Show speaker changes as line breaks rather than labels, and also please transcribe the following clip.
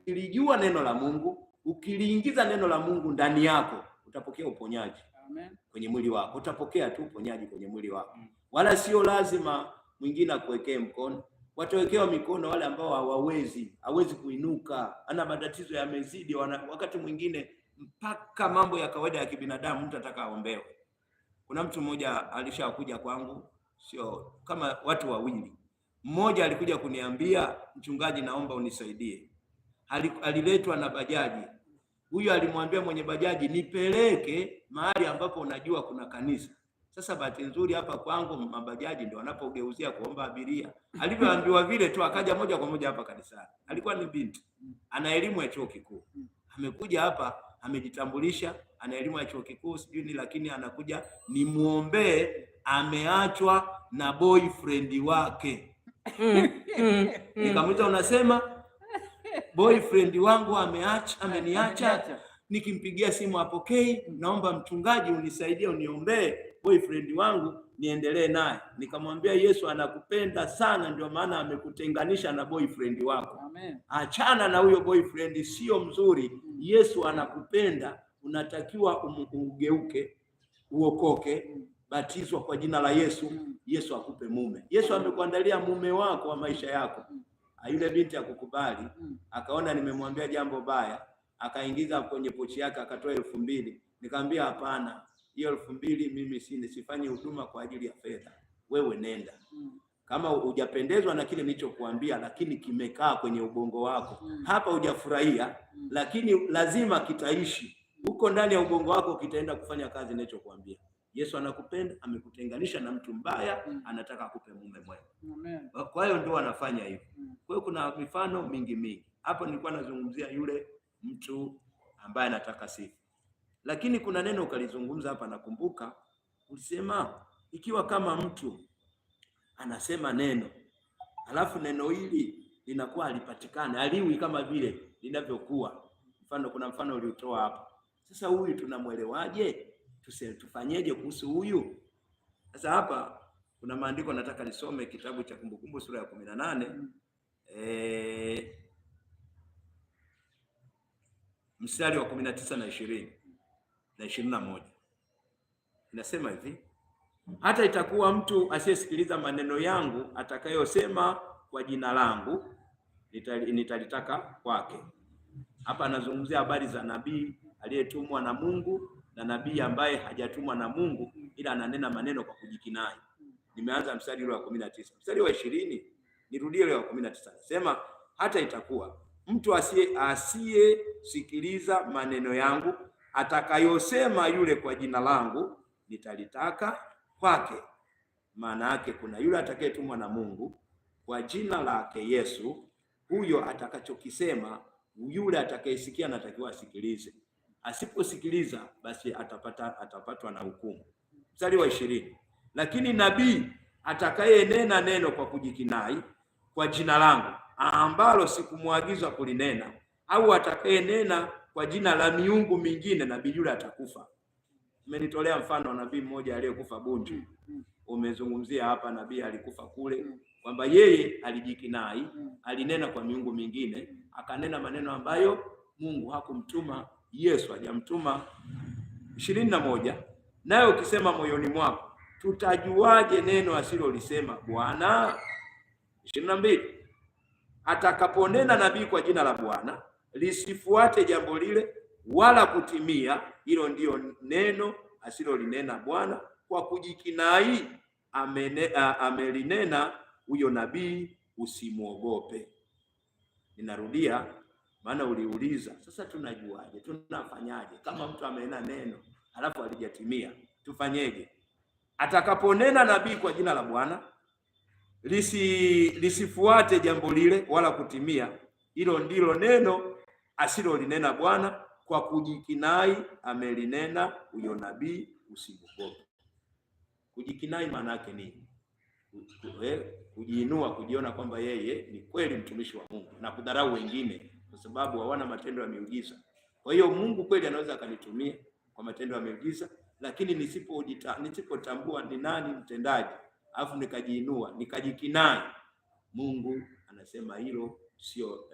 ukilijua neno la Mungu, ukiliingiza neno la Mungu ndani yako, utapokea uponyaji Amen. kwenye mwili wako, utapokea tu uponyaji kwenye mwili wako mm. wala sio lazima mwingine akuwekee mkono. Watawekewa mikono wale ambao hawawezi, hawezi kuinuka, ana matatizo yamezidi, wakati mwingine mpaka mambo ya kawaida ya kibinadamu mtu ataka aombewe. Kuna mtu mmoja alishakuja kwangu, sio kama watu wawili, mmoja alikuja kuniambia mchungaji, naomba unisaidie aliletwa na bajaji. huyo alimwambia mwenye bajaji, nipeleke mahali ambapo unajua kuna kanisa. Sasa bahati nzuri hapa kwangu mabajaji ndio wanapogeuzia kuomba abiria. Alivyoambiwa vile tu akaja moja kwa moja hapa kanisani. Alikuwa ni binti ana elimu ya chuo kikuu, amekuja hapa amejitambulisha, ana elimu ya chuo kikuu sijui ni, lakini anakuja nimwombee, ameachwa na boyfriend wake. Mm, mm, mm. Nikamwita unasema boyfriend wangu ameacha, ameniacha, nikimpigia simu apokei, naomba mchungaji unisaidie, uniombee boyfriend wangu niendelee naye. Nikamwambia Yesu anakupenda sana, ndio maana amekutenganisha na boyfriend wako. Amen. Achana na huyo boyfriend, sio mzuri. Yesu anakupenda, unatakiwa umugeuke, uokoke, batizwa kwa jina la Yesu, mm. Yesu akupe mume. Yesu amekuandalia mume wako wa maisha yako. Ah, yule binti akukubali, mm. akaona nimemwambia jambo baya, akaingiza kwenye pochi yake akatoa elfu mbili. Nikamwambia hapana, hiyo elfu mbili mimi si sifanyi huduma kwa ajili ya fedha, wewe nenda mm. kama hujapendezwa na kile nilichokuambia, lakini kimekaa kwenye ubongo wako mm. hapa, hujafurahia lakini lazima kitaishi huko ndani ya ubongo wako, kitaenda kufanya kazi nilichokuambia. Yesu anakupenda, amekutenganisha na mtu mbaya, anataka akupe mume mwema. Kwa hiyo ndio anafanya hivyo. Kwa hiyo kuna mifano mingi mingi. Hapo nilikuwa nazungumzia yule mtu ambaye anataka sifa, lakini kuna neno ukalizungumza hapa, nakumbuka ulisema, ikiwa kama mtu anasema neno alafu neno hili linakuwa alipatikana aliwi kama vile linavyokuwa. Mfano, kuna mfano uliotoa hapa. Sasa huyu tunamwelewaje? Tuse, tufanyeje kuhusu huyu? Sasa hapa kuna maandiko nataka nisome, kitabu cha Kumbukumbu sura ya kumi na nane Eh, mstari wa kumi na tisa na ishirini na ishirini na moja inasema hivi, hata itakuwa mtu asiyesikiliza maneno yangu atakayosema kwa jina langu nitalitaka kwake. Hapa anazungumzia habari za nabii aliyetumwa na Mungu na nabii ambaye hajatumwa na Mungu ila ananena maneno kwa kujikinai. Nimeanza mstari wa kumi na tisa mstari wa ishirini Nirudie leo kumi na tisa nasema hata itakuwa mtu asiye asiyesikiliza maneno yangu atakayosema yule kwa jina langu nitalitaka kwake. Maana yake kuna yule atakayetumwa na Mungu kwa jina lake Yesu, huyo atakachokisema yule atakayesikia anatakiwa asikilize. Asiposikiliza basi atapata atapatwa na hukumu. Mstari wa ishirini, lakini nabii atakayenena neno kwa kujikinai kwa jina langu ambalo sikumwagiza kulinena, au atakayenena kwa jina la miungu mingine nabii yule atakufa. Umenitolea mfano wa nabii mmoja aliyekufa Bunju, umezungumzia hapa nabii alikufa kule, kwamba yeye alijikinai, alinena kwa miungu mingine, akanena maneno ambayo Mungu hakumtuma, Yesu hajamtuma. ishirini na moja naye ukisema moyoni mwako, tutajuaje neno asilolisema Bwana? ishirini na mbili atakaponena nabii kwa jina la Bwana lisifuate jambo lile wala kutimia. Hilo ndiyo neno asilolinena Bwana kwa kujikinai amene, amelinena huyo nabii, usimwogope. Ninarudia maana uliuliza. Sasa tunajuaje? Tunafanyaje kama mtu amenena neno alafu alijatimia? Tufanyeje? Atakaponena nabii kwa jina la Bwana lisi lisifuate jambo lile wala kutimia. Hilo ndilo neno asilolinena Bwana, kwa kujikinai amelinena huyo nabii usiogope. Kujikinai maana yake ni eh, Kujiinua, kujiona kwamba yeye ni kweli mtumishi wa Mungu na kudharau wengine kwa sababu hawana matendo ya miujiza. Kwa hiyo Mungu kweli anaweza akanitumia kwa matendo ya miujiza, lakini nisipojitambua nisipotambua ni nani mtendaji alafu nikajiinua nikajikinai, Mungu anasema hilo sio